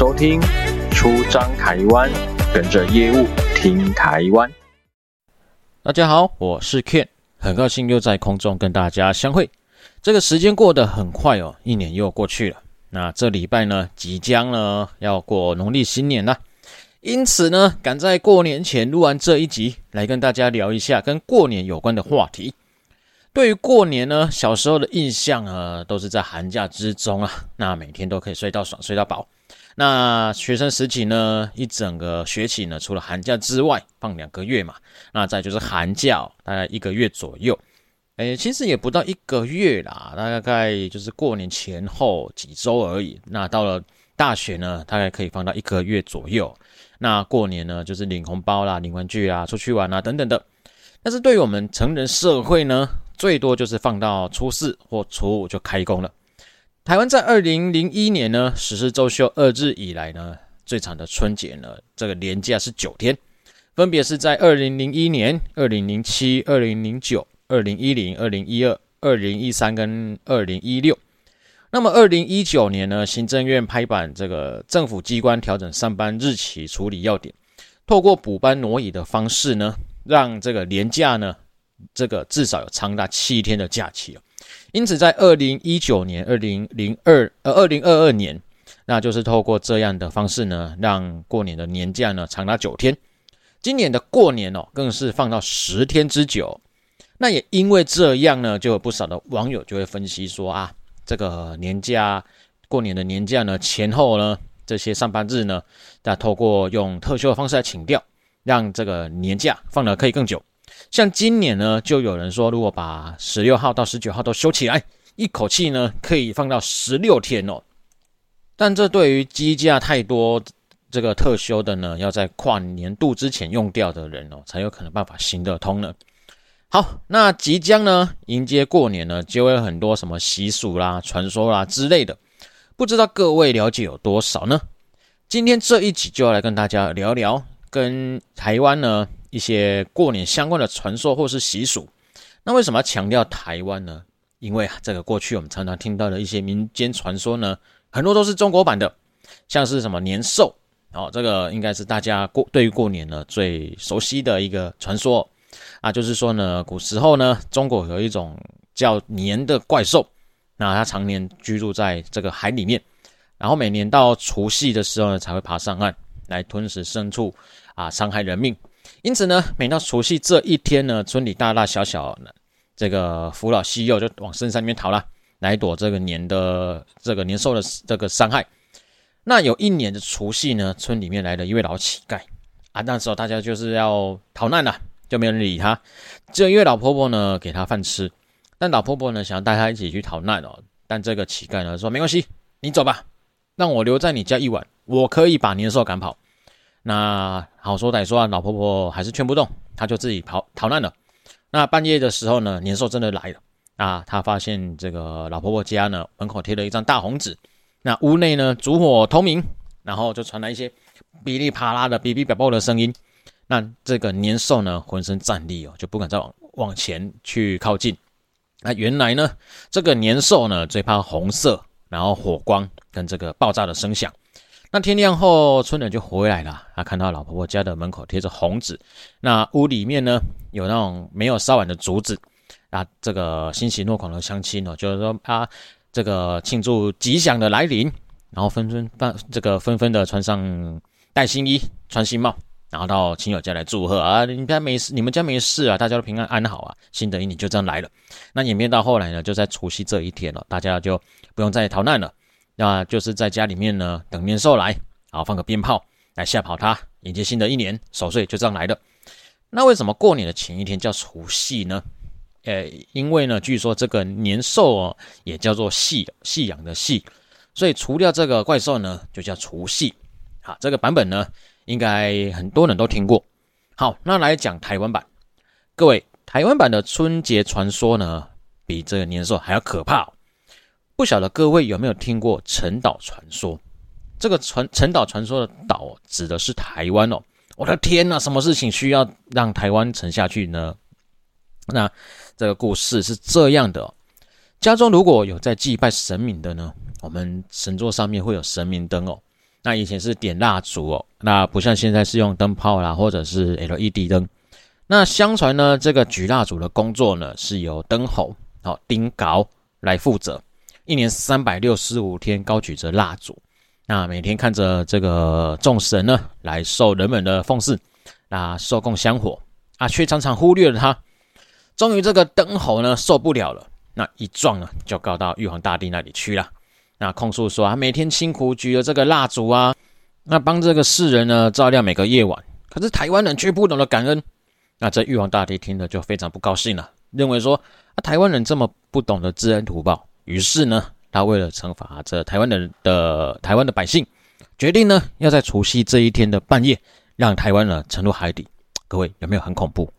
收聽出張台灣，跟着業務聽台灣。大家好，我是 Ken，很高興又在空中跟大家相會。這個時間過得很快哦，一年又過去了。那這禮拜呢，即將呢要過農曆新年了，因此呢，趕在過年前錄完這一集，來跟大家聊一下跟過年有關的話題。對於過年呢，小時候的印象啊，都是在寒假之中啊，那每天都可以睡到爽，睡到飽。那學生時期呢，一整個學期呢，除了寒假之外放兩個月嘛，那再就是寒假大概一個月左右，哎、欸，其實也不到一個月啦，大概就是過年前後幾週而已。那到了大學呢，大概可以放到一個月左右。那過年呢，就是領紅包啦、領玩具啦、出去玩啦，等等的。但是對於我們成人社會呢，最多就是放到初四或初五就開工了。台灣在二零零一年呢，實施周休二日以來呢，最長的春節呢，這個年假是九天，分別是在二零零一年、二零零七、二零零九、二零一零、二零一二、二零一三跟二零一六。那麼二零一九年呢，行政院拍板這個政府機關調整上班日期處理要點，透過補班挪移的方式呢，讓這個年假呢，這個至少有長達七天的假期哦。因此，在二零一九年、二零零二呃、二零二二年，那就是透過這樣的方式呢，讓過年的年假呢長達九天。今年的過年哦，更是放到十天之久。那也因為這樣呢，就有不少的網友就會分析說啊，這個年假、過年的年假呢，前後呢這些上班日呢，那透過用特休的方式來請掉，讓這個年假放得可以更久。像今年呢，就有人說，如果把十六號到十九號都休起來，一口氣呢，可以放到十六天哦。但這對於積假太多、這個特休的呢，要在跨年度之前用掉的人哦，才有可能辦法行得通呢。好，那即將呢迎接過年呢，就會有很多什麼習俗啦、傳說啦之類的，不知道各位了解有多少呢？今天這一集就要來跟大家聊聊，跟台灣呢。一些過年相關的傳說或是習俗，那為什麼要強調台灣呢？因為啊，這個過去我們常常聽到的一些民間傳說呢，很多都是中國版的，像是什麼年獸，哦，這個應該是大家過對於過年呢，最熟悉的一個傳說啊，就是說呢，古時候呢，中國有一種叫年的怪獸，那它常年居住在這個海裡面，然後每年到除夕的時候呢，才會爬上岸來吞食牲畜啊，傷害人命。因此呢，每到除夕這一天呢，村裡大大小小、這個扶老攜幼就往深山裡面逃了，來躲這個年的這個年獸的這個傷害。那有一年的除夕呢，村裡面來了一位老乞丐啊，那時候大家就是要逃難了，就沒有人理他。只有一位老婆婆呢，給他飯吃，但老婆婆呢，想要帶他一起去逃難哦。但這個乞丐呢，說沒關係，你走吧，讓我留在你家一晚，我可以把年獸趕跑。那好說歹說啊，老婆婆還是勸不動，她就自己逃逃難了。那半夜的時候呢，年獸真的來了啊！他發現這個老婆婆家呢，門口貼了一張大紅紙，那屋內呢，燭火通明，然後就傳來一些噼里啪啦的嗶嗶叭叭的聲音。那這個年獸呢，渾身戰慄哦，就不敢再往往前去靠近。那原來呢，這個年獸呢，最怕紅色，然後火光跟這個爆炸的聲響。那天亮後，村人就回來了。他、啊、看到老婆婆家的門口貼着紅紙，那屋裡面呢有那種沒有燒完的竹子。啊，這個欣喜若狂的鄉親哦，就是說啊這個慶祝吉祥的來臨，然後紛紛辦這個紛紛的穿上戴新衣、穿新帽，然後到親友家來祝賀啊！你們家沒事，你們家沒事啊，大家都平安安好啊！新的一年就這樣來了。那演變到後來呢，就在除夕這一天了、哦，大家就不用再逃難了。那就是在家裡面呢等年獸來，好放個鞭炮來嚇跑它，迎接新的一年，守歲就這樣來了。那為什麼過年的前一天叫除夕呢？誒、欸，因為呢，據說這個年獸哦，也叫做夕，夕陽的夕，所以除掉這個怪獸呢，就叫除夕。好，這個版本呢，應該很多人都聽過。好，那來講台灣版，各位台灣版的春節傳說呢，比這個年獸還要可怕、哦。不曉得各位有沒有聽過沉島傳說？這個傳沉島傳說的島指的是台灣哦。我的天吶、啊，什麼事情需要讓台灣沉下去呢？那這個故事是這樣的、哦：家中如果有在祭拜神明的呢，我們神座上面會有神明燈哦。那以前是點蠟燭哦，那不像現在是用燈泡啦，或者是 LED 燈。那相傳呢，這個舉蠟燭的工作呢，是由燈猴哦丁猴來負責。一年三百六十五天，高舉着蠟燭，那每天看着這個眾神呢，來受人們的奉祀，那、啊、受供香火，啊，卻常常忽略了他。終於，這個燈猴呢受不了了，那一撞啊，就告到玉皇大帝那裡去了。那控訴說啊，每天辛苦舉着這個蠟燭啊，那幫這個世人呢照亮每個夜晚，可是台灣人卻不懂得感恩。那這玉皇大帝聽了就非常不高興了、啊，認為說啊，台灣人這麼不懂得知恩圖報。於是呢，他為了懲罰這台灣的的台灣的百姓，決定呢要在除夕這一天的半夜讓台灣人沉入海底。各位有沒有很恐怖？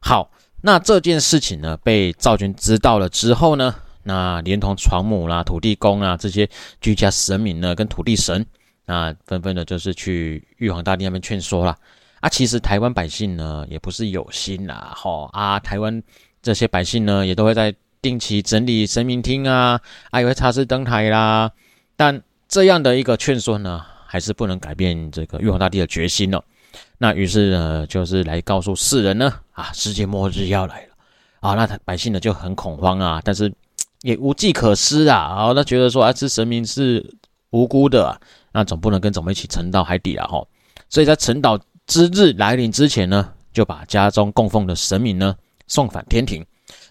好，那這件事情呢被灶君知道了之後呢，那連同床母啦、土地公啊這些居家神明呢，跟土地神啊紛紛的就是去玉皇大帝那邊勸說啦，啊，其實台灣百姓呢也不是有心啦，吼啊，台灣這些百姓呢也都會在。定期整理神明廳啊，還、啊、會擦拭燈台啦。但這樣的一個勸說呢，還是不能改變這個玉皇大帝的決心了、哦。那於是呢，就是來告訴世人呢，啊，世界末日要來了。啊，那他百姓呢就很恐慌啊，但是也無計可施啊。啊、哦，那覺得說啊，這神明是無辜的、啊，那總不能跟咱們一起沉到海底了、啊、哈。所以在沉島之日來臨之前呢，就把家中供奉的神明呢送返天庭。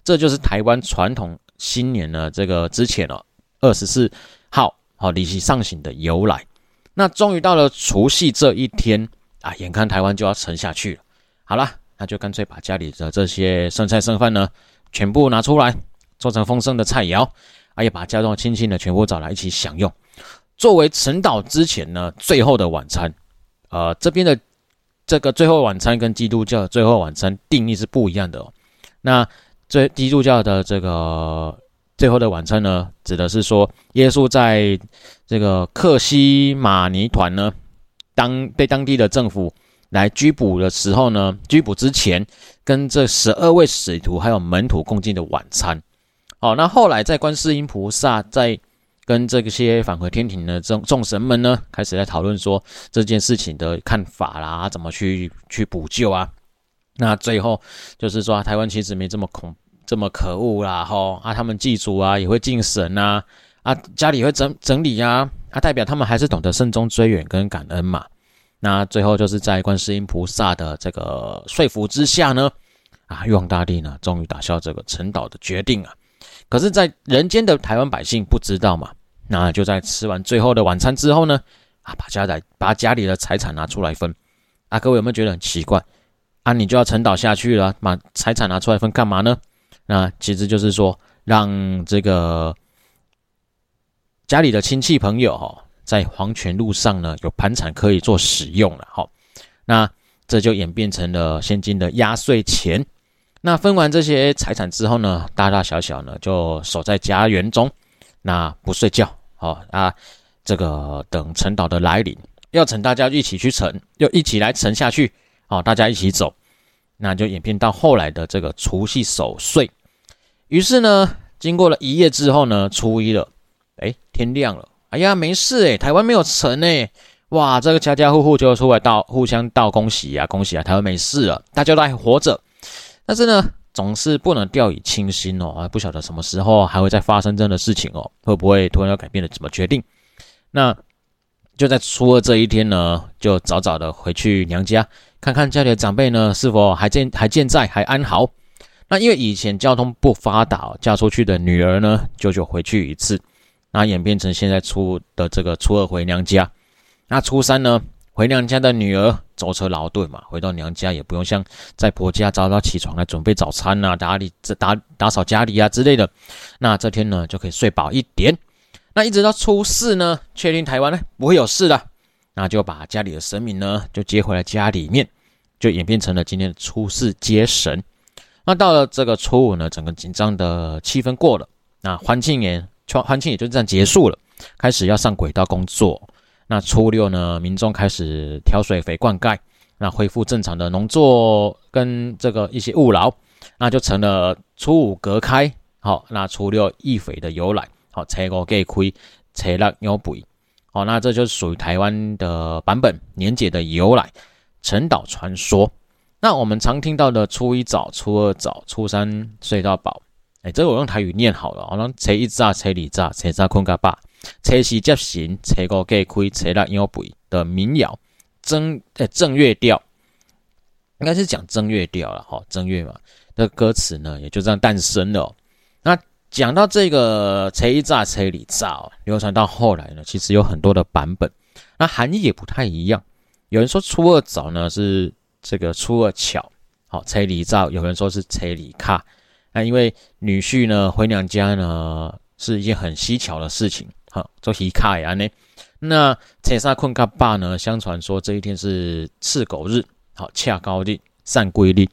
這就是台灣傳統新年呢，這個之前了二十四號，好、哦，禮氣上行的由來，那終於到了除夕這一天啊，眼看台灣就要沉下去了。好啦，那就乾脆把家裡的這些剩菜剩飯呢，全部拿出來，做成豐盛的菜肴。啊，也把家中親戚呢全部找來一起享用，作為沉島之前呢最後的晚餐。呃，這邊的這個最後晚餐跟基督教的最後晚餐定義是不一樣的哦。那。這基督教的這個最後的晚餐呢，指的是說耶穌在這個客西馬尼園呢，當被當地的政府來拘捕的時候呢，拘捕之前跟這十二位使徒還有門徒共進的晚餐。好、哦，那後來在觀世音菩薩在跟這些返回天庭的眾眾神們呢，開始在討論說這件事情的看法啦，怎麼去去補救啊？那最後就是說，啊、台灣其實沒這麼恐這麼可惡啦，吼啊，他們祭祖啊，也會敬神吶、啊，啊，家裡會整整理啊，啊，代表他們還是懂得慎終追遠跟感恩嘛。那最後就是在觀世音菩薩的這個說服之下呢，啊，玉皇大帝呢，終於打消這個沉島的決定啊。可是，在人間的台灣百姓不知道嘛，那就在吃完最後的晚餐之後呢，啊，把家來把家裡的財產拿出來分，啊，各位有沒有覺得很奇怪？那你就要沉島下去了，把財產拿出來分幹嘛呢？那其實就是說，讓這個家裡的親戚朋友在黃泉路上呢有盤纏可以做使用了哈。那這就演變成了現今的壓歲錢。那分完這些財產之後呢，大大小小呢就守在家園中，那不睡覺哦啊，這個等沉島的來臨，要請大家一起去沉，要一起來沉下去哦，大家一起走。那就演變到後來的這個除夕守歲，於是呢，經過了一夜之後呢，初一了，哎、欸，天亮了，哎呀，沒事誒、欸、台灣沒有沉哎、欸，哇，這個家家戶戶就出來到互相道恭喜啊，恭喜啊，台灣沒事了，大家都還活着，但是呢，總是不能掉以輕心哦，不曉得什麼時候還會再發生這樣的事情哦，會不會突然要改變了，怎麼決定？那就在初二這一天呢，就早早的回去娘家。看看家裡的長輩呢，是否還健還健在，還安好。那因為以前交通不發達，嫁出去的女兒呢，久久回去一次，那演變成現在初的這個初二回娘家。那初三呢，回娘家的女兒舟車勞頓嘛，回到娘家也不用像在婆家早早起床來準備早餐啊，打理打打掃家裡啊之類的。那這天呢，就可以睡飽一點。那一直到初四呢，確定台灣呢不會有事的。那就把家裡的神明呢，就接回來，家裡面，就演變成了今天的初四接神。那到了這個初五呢，整個緊張的氣氛過了，那歡慶也歡慶也就這樣結束了，開始要上軌道工作。那初六呢，民眾開始挑水肥灌溉，那恢復正常的農作跟這個一些務勞，那就成了初五隔開，好，那初六掖肥的由來，好，才五雞虧，才讓牛補好、哦，那這就是屬於台灣的版本，年節的由來，沉島傳說。那我們常聽到的初一早、初二早、初三睡到飽，哎、欸，這個我用台語念好了。好，我們初一早、初二早、初三困個飽，初四接神、初五隔開、初六掖肥的民謠正哎正月調，應該是講正月調了哈、哦，正月嘛的歌詞呢，也就這樣誕生了、哦。那講到這個“初一早、初二早”流傳到後來呢，其實有很多的版本，那含義也不太一樣。有人說“初二早”呢是這個“初二巧”，好，“初二早”，有人說是“初二巧”，那因為女婿呢回娘家呢是一件很稀巧的事情，好做“喜卡”呀，呢。那“初三睏甲飽”呢，相傳說這一天是赤狗日，好恰高日、散歸日，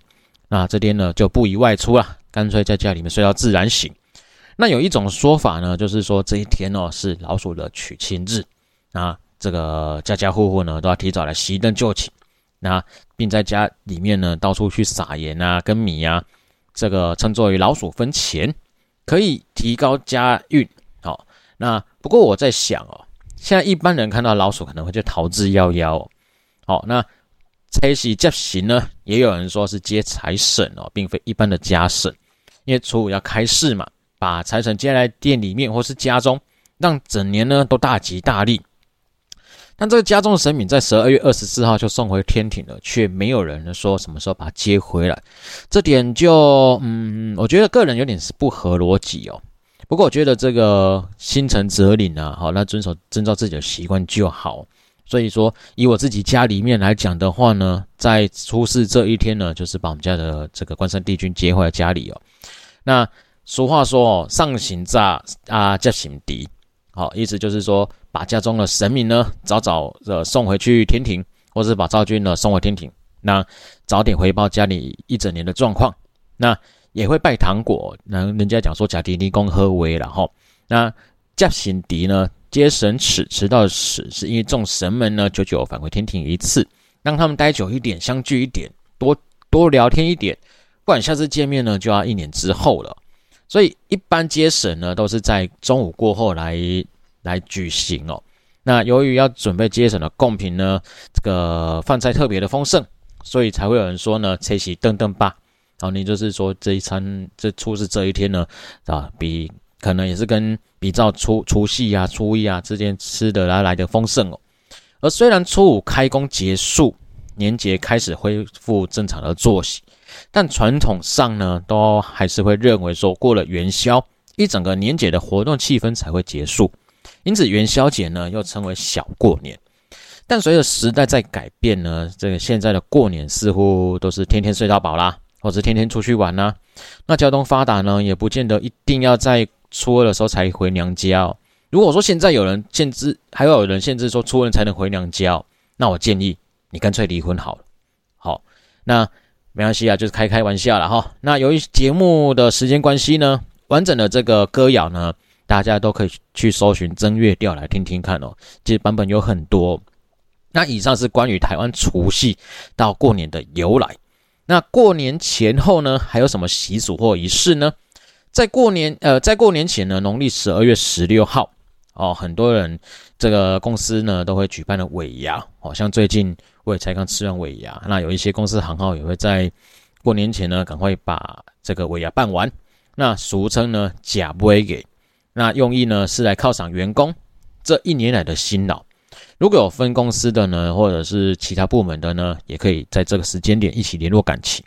那這天呢就不宜外出啦，乾脆在家裡面睡到自然醒。那有一種說法呢，就是說這一天哦是老鼠的娶親日，啊，這個家家戶戶呢都要提早來熄燈就寢，那並在家裡面呢到處去撒鹽啊、跟米啊，這個稱作為老鼠分錢，可以提高家運。好、哦，那不過我在想哦，現在一般人看到老鼠可能會就逃之夭夭。好、哦，那拆洗接神呢，也有人說是接財神哦，並非一般的家神，因為初五要開市嘛。把財神接來店裡面或是家中，讓整年呢都大吉大利。但這個家中的神明在十二月二十四號就送回天庭了，卻沒有人說什麼時候把他接回來。這點就，嗯，我覺得個人有點是不合邏輯哦。不過我覺得這個心誠則靈啊，好、哦，那遵守遵照自己的習慣就好。所以說，以我自己家裡面來講的話呢，在初四這一天呢，就是把我們家的這個關聖帝君接回來家裡哦。那俗話說：“上行詐啊，駕行敵。哦”好，意思就是說，把家中的神明呢，早早的、呃、送回去天庭，或是把灶君呢送回天庭，那早點回報家裡一整年的狀況。那也會拜糖果。那人家講說：“假敵立功何為？”然後，那駕行敵呢，接神尺，遲到遲，是因為眾神們呢，久久返回天庭一次，讓他們待久一點，相聚一點，多多聊天一點。不管下次見面呢，就要一年之後了。所以一般接神呢，都是在中午過後來來舉行哦。那由於要準備接神的供品呢，這個飯菜特別的豐盛，所以才會有人說呢，吃席頓頓飽。然後呢，你就是說這一餐這初四這一天呢，啊，比可能也是跟比較初除夕啊、初一啊之間吃的來來的豐盛哦。而雖然初五開工結束，年節開始恢復正常的作息。但傳統上呢，都還是會認為說，過了元宵，一整個年節的活動氣氛才會結束。因此，元宵節呢又稱為小過年。但隨着時代在改變呢，這個現在的過年似乎都是天天睡到飽啦，或是天天出去玩啦。那交通發達呢，也不見得一定要在初二的時候才回娘家哦。如果說現在有人限制，還有，有人限制說初二才能回娘家哦，那我建議你乾脆離婚好了。好，那。沒關係啊，就是開開玩笑啦哈。那由於節目的時間關係呢，完整的這個歌謠呢，大家都可以去搜尋《正月調》來聽聽看哦。其實版本有很多。那以上是關於台灣除夕到過年的由來。那過年前後呢，還有什麼習俗或儀式呢？在過年，呃，在過年前呢，農曆十二月十六號。哦，很多人這個公司呢都會舉辦了尾牙，哦，像最近我也才剛吃完尾牙，那有一些公司行號也會在過年前呢趕快把這個尾牙辦完，那俗稱呢假尾給，那用意呢是來犒賞員工這一年來的辛勞。如果有分公司的呢或者是其他部門的呢，也可以在這個時間點一起聯絡感情，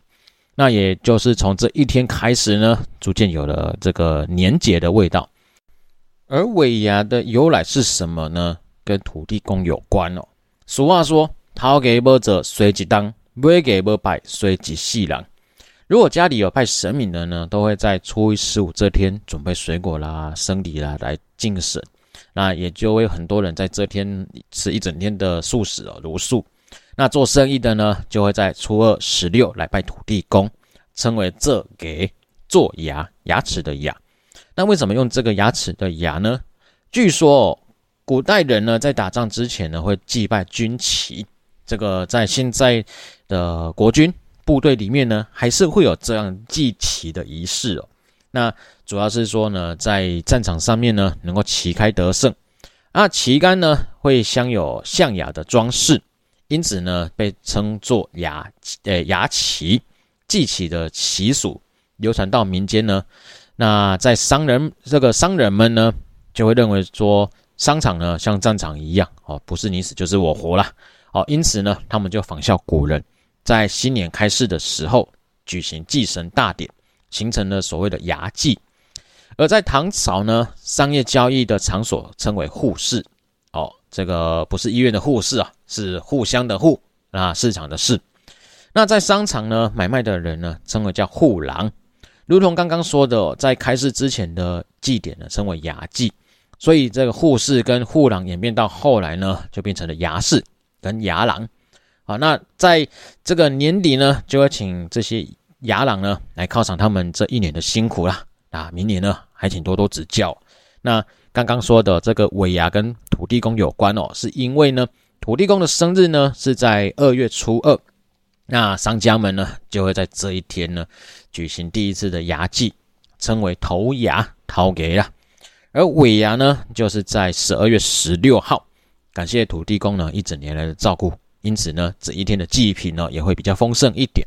那也就是從這一天開始呢，逐漸有了這個年節的味道。而尾牙的由來是什麼呢？跟土地公有關哦。俗話說：“討給不者，隨即當；不給不拜，隨即細郎。”如果家裡有拜神明的呢，都會在初一十五這天準備水果啦、生理啦來敬神。那也就會有很多人在這天吃一整天的素食哦，茹素。那做生意的呢，就會在初二十六來拜土地公，稱為“這給做牙，牙齒的牙”。那為什麼用這個牙齒的牙呢？據說、哦、古代人呢，在打仗之前呢，會祭拜軍旗。這個在現在的國軍部隊裡面呢，還是會有這樣祭旗的儀式哦。那主要是說呢，在戰場上面呢，能夠旗開得勝。啊，旗杆呢，會鑲有象牙的裝飾，因此呢，被稱作牙、呃、牙旗。祭旗、旗的習俗流傳到民間呢。那在商人這個商人們呢，就會認為說，商場呢像戰場一樣哦，不是你死就是我活了哦，因此呢，他們就仿效古人，在新年開市的時候舉行祭神大典，形成了所謂的牙祭。而在唐朝呢，商業交易的場所稱為互市哦，這個不是醫院的護士啊，是互相的互，那、啊、市場的市。那在商場呢，買賣的人呢，稱為叫互郎。如同剛剛說的，在開市之前的祭典呢，稱為牙祭，所以這個互市跟互郎演變到後來呢，就變成了牙市跟牙郎。啊，那在這個年底呢，就要請這些牙郎呢來犒賞他們這一年的辛苦啦。啊，明年呢還請多多指教。那剛剛說的這個尾牙跟土地公有關哦，是因為呢，土地公的生日呢是在二月初二，那商家們呢就會在這一天呢。舉行第一次的牙祭，稱為頭牙，掏給了；而尾牙呢，就是在十二月十六號，感謝土地公呢一整年來的照顧，因此呢，這一天的祭品呢也會比較豐盛一點。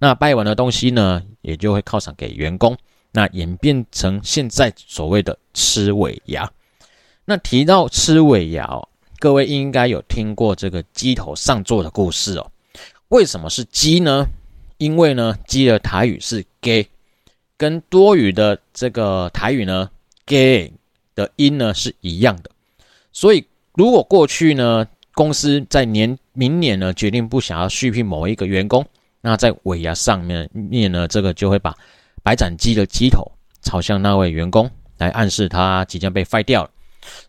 那拜完的東西呢，也就會犒賞給員工，那演變成現在所謂的吃尾牙。那提到吃尾牙哦，各位應該有聽過這個雞頭上座的故事哦。為什麼是雞呢？因為呢，雞的台語是“ gay 跟多餘的這個台語呢“ gay 的音呢是一樣的，所以如果過去呢，公司在年明年呢決定不想要續聘某一個員工，那在尾牙上面念呢，這個就會把白斬雞的雞頭朝向那位員工，來暗示他即將被 fire 掉了。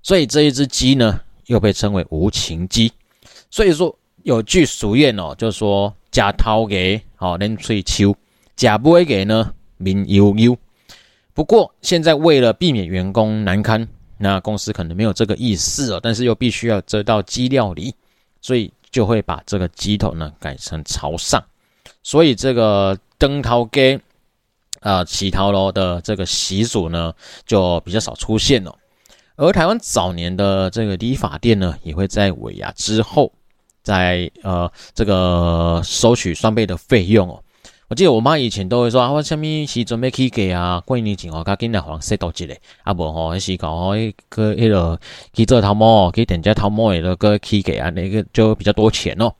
所以這一只雞呢，又被稱為無情雞。所以說有句俗諺哦，就是說。假掏給好能翠秋，假會不給呢民悠悠。不過現在為了避免員工難堪，那公司可能沒有這個意思哦，但是又必須要這道雞料理，所以就會把這個雞頭呢改成朝上，所以這個燈掏給啊乞討樓的這個習俗呢就比較少出現了。而台灣早年的這個理髮店呢，也會在尾牙之後。在呃，這個收取雙倍的費用哦。我記得我媽以前都會說啊，我下面洗準備去給,我過年給啊、哦，關於你情況，他給你兩黃十多集的啊，無吼，還是搞哦，去那個去做頭毛，去剪只頭毛，那個去給啊，那個就比較多錢哦。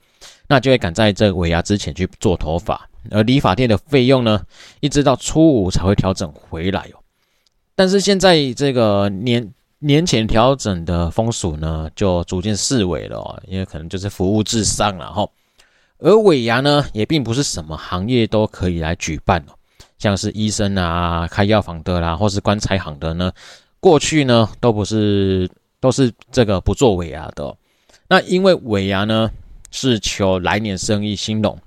那就會趕在這尾牙之前去做頭髮，而理髮店的費用呢，一直到初五才會調整回來哦。但是現在這個年。年前調整的風俗呢，就逐漸式微了哦，因為可能就是服務至上了哈。而尾牙呢，也並不是什麼行業都可以來舉辦哦，像是醫生啊、開藥房的啦，或是棺材行的呢，過去呢都不是都是這個不做尾牙的哦。那因為尾牙呢是求來年生意興隆，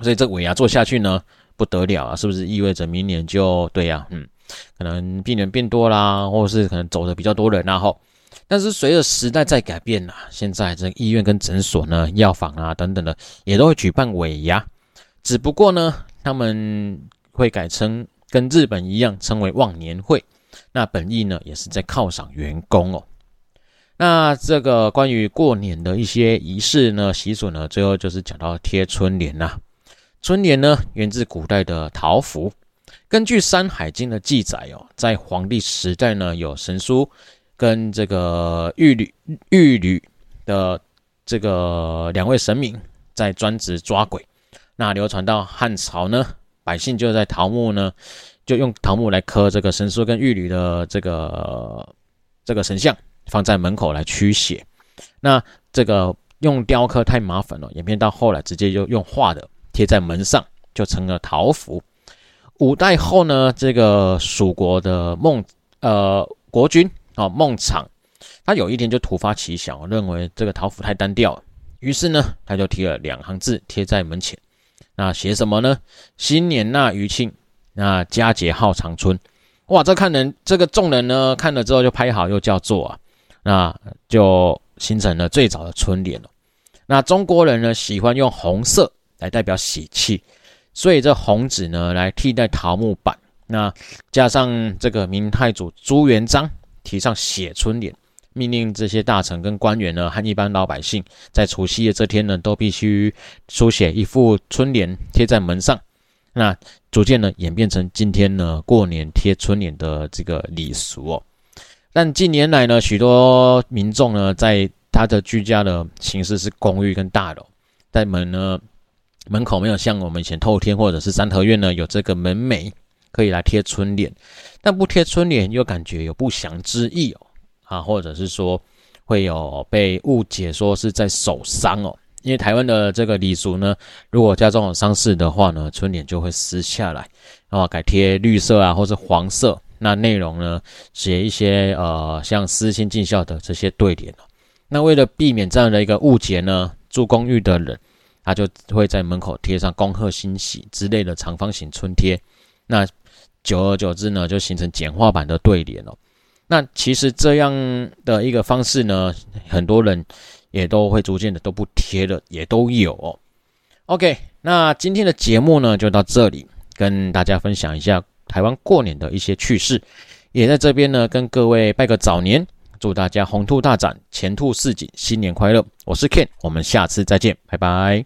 所以這尾牙做下去呢不得了啊，是不是意味着明年就對呀、啊？嗯。可能病人變多啦，或者是可能走的比較多人，然後，但是隨着時代在改變啦，啊，現在這醫院跟診所呢、藥房啊等等的，也都會舉辦尾牙，只不過呢，他們會改稱跟日本一樣稱為忘年會，那本意呢也是在犒賞員工哦。那這個關於過年的一些儀式呢、習俗呢，最後就是講到貼春聯啦，啊。春聯呢，源自古代的桃符。根據《山海經》的記載哦，在黃帝時代呢，有神荼跟這個鬱壘、鬱壘的這個兩位神明在專職抓鬼。那流傳到漢朝呢，百姓就在桃木呢，就用桃木來刻這個神荼跟鬱壘的這個這個神像，放在門口來驅邪。那這個用雕刻太麻煩了，演變到後來，直接就用畫的貼在門上，就成了桃符。五代後呢，這個蜀國的孟呃國君啊、哦、孟昶，他有一天就突發奇想，認為這個桃符太單調了，於是呢，他就貼了兩行字貼在門前，那寫什麼呢？新年納餘慶，那佳節號長春。哇，這看人這個眾人呢看了之後就拍好又叫做啊，那就形成了最早的春聯了。那中國人呢喜歡用紅色來代表喜氣。所以這紅紙呢，來替代桃木板。那加上這個明太祖朱元璋提倡寫春聯，命令這些大臣跟官員呢，和一般老百姓在除夕夜這天呢，都必須書寫一副春聯貼在門上。那逐漸呢，演變成今天呢，過年貼春聯的這個禮俗哦。但近年來呢，許多民眾呢，在他的居家的形式是公寓跟大樓，在門呢。門口沒有像我們以前透天或者是三合院呢，有這個門楣可以來貼春聯，但不貼春聯又感覺有不祥之意哦，啊，或者是說會有被誤解說是在守喪哦，因為台灣的這個禮俗呢，如果家中有喪事的話呢，春聯就會撕下來，啊，改貼綠色啊或者黃色，那內容呢，寫一些呃像思親盡孝的這些對聯，那為了避免這樣的一個誤解呢，住公寓的人。他就會在門口貼上“恭賀新禧”之類的長方形春貼，那久而久之呢，就形成簡化版的對聯了，哦。那其實這樣的一個方式呢，很多人也都會逐漸的都不貼了，也都有，哦。OK，那今天的節目呢，就到這裡，跟大家分享一下台灣過年的一些趣事，也在這邊呢跟各位拜個早年，祝大家鴻兔大展，錢兔似錦，新年快樂！我是 Ken，我們下次再見，拜拜。